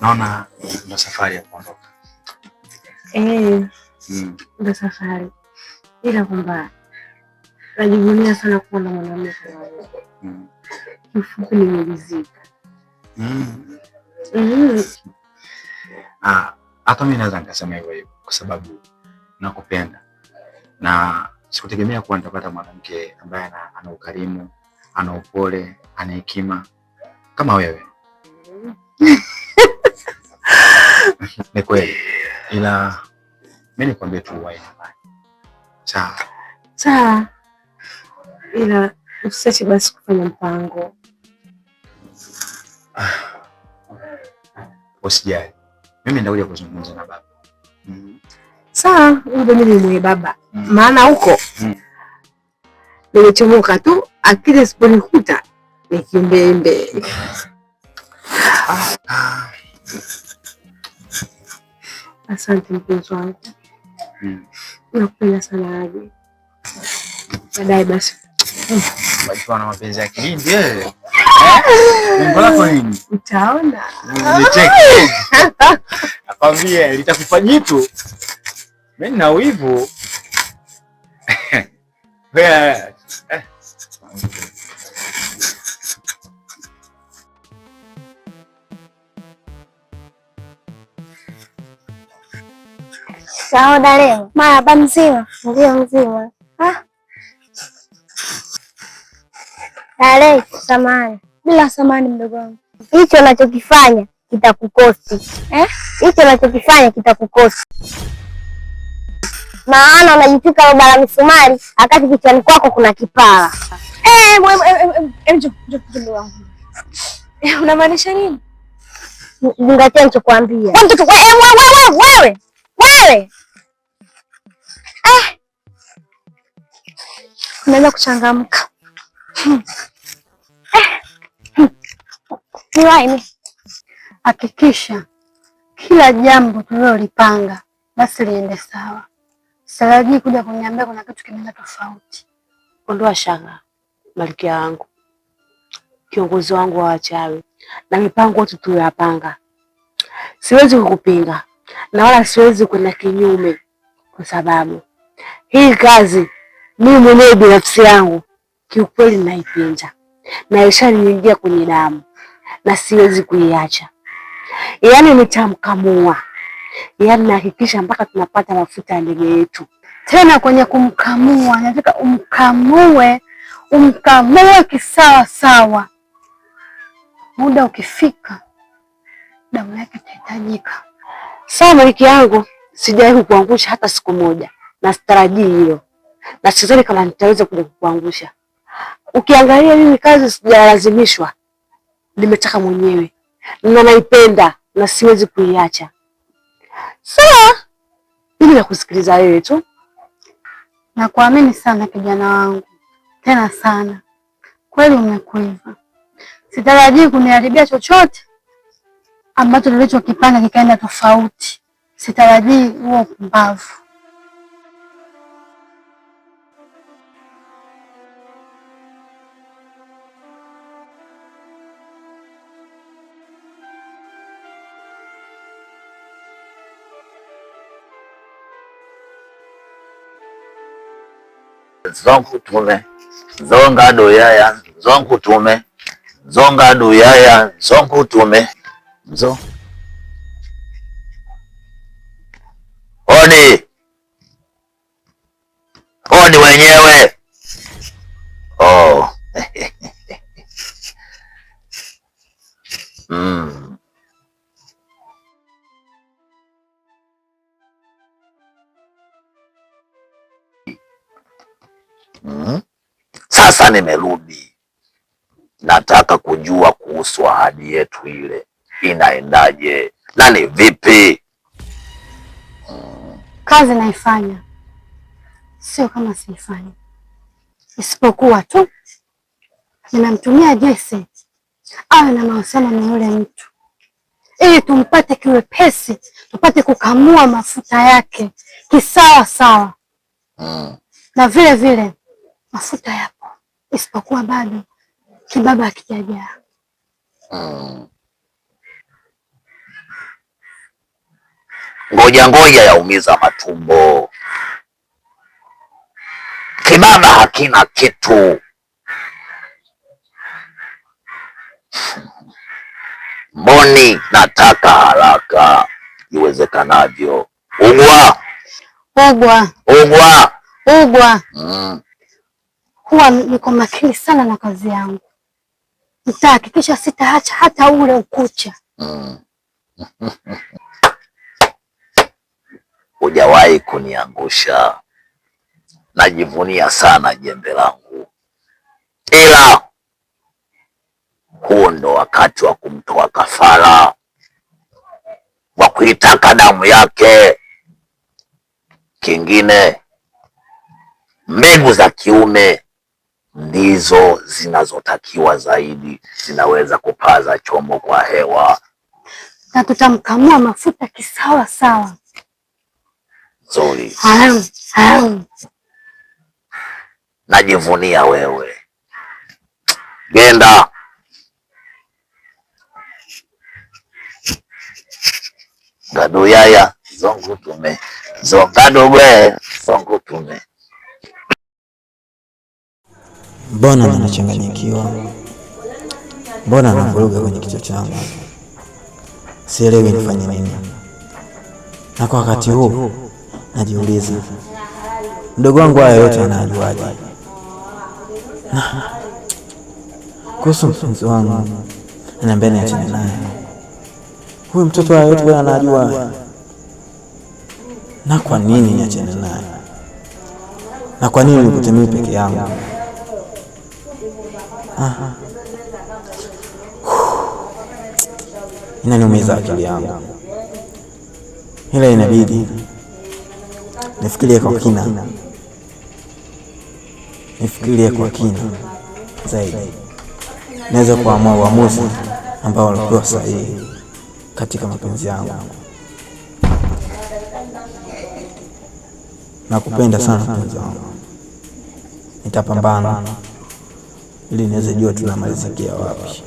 naona eh, ndo safari ya kuondoka. Eh, mm. ndo safari, ila kwamba najivunia sana kuwa na mwanaume kama wewe. Mm. Kifupi nimejizika. Mm. Ah, hata mi naweza nikasema hivyo hivyo, kwa sababu nakupenda na sikutegemea kuwa nitapata mwanamke ambaye ana ukarimu, ana upole, ana hekima kama wewe. Ni kweli, ila mi nikwambie tu uwae nyumbani, sawa sawa, ila usiache basi kufanya mpango. Usijali, mimi ndakuja kuzungumza na baba. Sawa, mm-hmm. ngoja mimi nimwe baba. Mm. Maana huko mm, nimechomoka tu akili siponikuta nikimbembe. Ah, ah. Asante mpenzi wangu, hmm. nakupenda sana Abi. Baadaye basi na mapenzi ya kilindi utaona, eh. hmm, nakwambia litakupa jitu. Mimi na wivu eh. Eh. Utaoda leo? Marahaba. Mzima? Ndio mzima. Tarehe samani. Bila samani, mdogo wangu, hicho unachokifanya kitakukosti hicho eh? Unachokifanya kitakukosti, maana unajitwika bara misumari akati kichwani kwako kuna kipara. Unamaanisha nini? Zingatia nichokwambia wewe eh, naweza kuchangamka hmm. eh. Hmm. hakikisha kila jambo tulilolipanga basi liende sawa. Sitarajii kuja kuniambia kuna kitu kimeenda tofauti. Ondoa shanga, malkia wangu, kiongozi wangu wa wachawi, na mipango yote tuliyopanga siwezi kukupinga na wala siwezi kwenda kinyume, kwa sababu hii kazi mimi mwenyewe binafsi yangu kiukweli naipenda, na ishaniingia kwenye damu na siwezi kuiacha. Yaani nitamkamua, yaani nahakikisha mpaka tunapata mafuta ya ndege yetu. Tena kwenye kumkamua, nataka umkamue, umkamue kisawa sawa. Muda ukifika, damu yake itahitajika. Sawa, maliki yangu, sijawahi kukuangusha hata siku moja na sitarajii hiyo na sidhani kama nitaweza kuja kukuangusha. Ukiangalia mimi kazi sijalazimishwa, nimetaka mwenyewe na naipenda na siwezi kuiacha. Sawa, mimi nakusikiliza wewe tu. Nakuamini sana kijana wangu, tena sana. Kweli umekuiva. Sitarajii kuniharibia chochote ambacho nilichokipanga kikaenda tofauti. Sitarajii huo pumbavu. zonkutume zonga doyaya zonkutume zonga doyaya zonkutume zo oni oni wenyewe mm-hmm. Sasa nimerudi, nataka kujua kuhusu ahadi yetu ile inaendaje na ni vipi hmm. Kazi naifanya sio kama siifanya, isipokuwa tu ninamtumia Jesse awe na mahusiano na yule mtu ili tumpate kiwepesi, tupate kukamua mafuta yake kisawa sawa mm. na vile vile mafuta yapo, isipokuwa bado kibaba Ngoja Mm. Ngoja ngoja yaumiza matumbo, kibaba hakina kitu. Mboni, nataka haraka iwezekanavyo. Ugwa ugwa ugwa ugwa. Mm huwa niko makini sana na kazi yangu, nitahakikisha sitaacha hata ule ukucha. Hujawahi kuniangusha, najivunia sana jembe langu, ila huo ndo wakati wa kumtoa kafara, wa kuitaka damu yake. Kingine, mbegu za kiume ndizo zinazotakiwa zaidi, zinaweza kupaza chombo kwa hewa na tutamkamua mafuta kisawa sawa. Nzuri, najivunia wewe. Genda. gadu yaya zongu tume zongadu we zongu tume Mbona nanachanganyikiwa? Mbona navuruga kwenye kichwa changu? Sielewi nifanye nini, na kwa wakati huu najiuliza, mdogo wangu haya yote anajuaje? Na kuhusu mpenzi wangu ananiambia niachane naye, huyu mtoto haya yote anajua, na kwa nini niachane naye? Na kwa nini nikute mimi peke yangu? Inaniumiza akili yangu, ila inabidi nifikirie kwa kina, nifikirie kwa kina zaidi, naweza kuamua uamuzi ambao ulikuwa sahihi katika mapenzi yangu. Nakupenda sana mpenzi wangu, nitapambana ili niweze jua tunamalizikia wapi.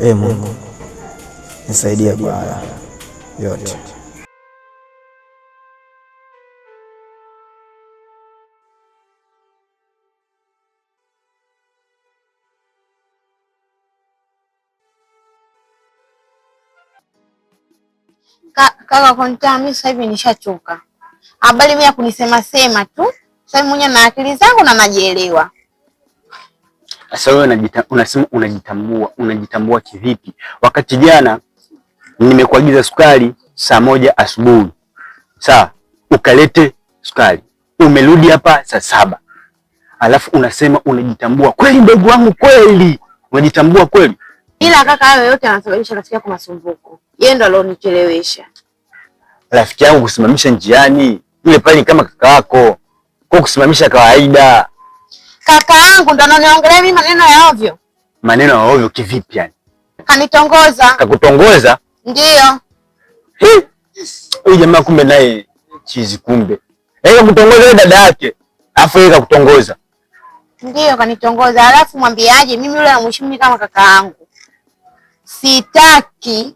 Ee Mungu nisaidie kwa haya yote. kaka konta, mimi sasa hivi nishachoka habari mimi ya kunisema sema tu sasa mwenye na akili zangu na najielewa. Sasa wewe unasema unajitambua, unajitambua kivipi wakati jana nimekuagiza sukari saa moja asubuhi saa ukalete sukari, umerudi hapa saa saba alafu unasema unajitambua kweli? Dogo wangu kweli, unajitambua kweli? Bila kaka, hayo yote anasababisha katika kwa masumbuko yeye ndo alionichelewesha. Rafiki yangu kusimamisha njiani yule pale kama kaka yako, kwa kusimamisha kawaida. Kaka yangu ndo ananiongelea mimi maneno ya ovyo. Maneno ya ovyo kivipi yani? Kanitongoza. Kakutongoza? ndio Huyu jamaa kumbe naye chizi kumbe. Yeye kakutongoza dada yake. Alafu yeye kakutongoza. Ndiyo, kanitongoza. Alafu mwambiaje? Mimi yule namheshimu kama kaka yangu. Sitaki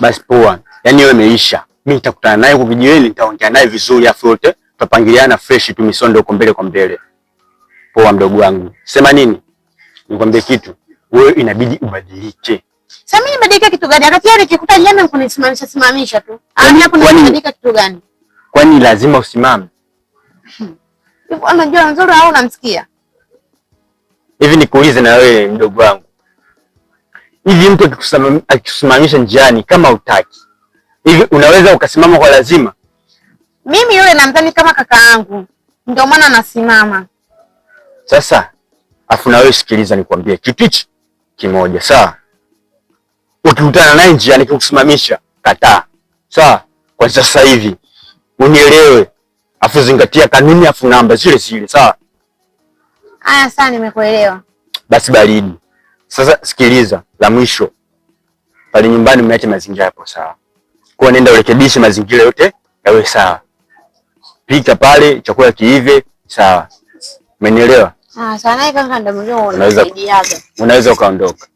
basi poa, yani wewe imeisha. Mimi nitakutana naye huko vijiweni, nitaongea naye vizuri, afu yote tutapangiliana fresh tu, misondo huko mbele kwa mbele. Poa mdogo wangu, sema nini? Nikwambie kitu, wewe inabidi ubadilike. Sasa mimi nibadilike kitu gani? Akati yale kikuta jana nikunisimamisha simamisha tu. Kwani hapo nibadilika kitu gani? Kwani lazima usimame? Hivi unajua nzuri au unamsikia? Hivi nikuulize na wewe mdogo wangu hivi, mtu akikusimamisha njiani kama utaki hivi, unaweza ukasimama kwa lazima? Mimi yule namdhani kama kaka yangu, ndio maana nasimama. Sasa afu na wewe sikiliza, nikwambie kitu hichi kimoja, sawa? Ukikutana naye njiani kikusimamisha kataa, sawa? Kwa sasa hivi unielewe, afu zingatia kanuni, afu namba zile zile, sawa? Haya, sawa, nimekuelewa. Basi baridi sasa sikiliza, la mwisho pale nyumbani umeacha mazingira yapo sawa, kwa nenda urekebishe mazingira yote yawe sawa, pika pale chakula kiive sawa, umenielewa? Ah, sana kaka, ndio unaweza ukaondoka.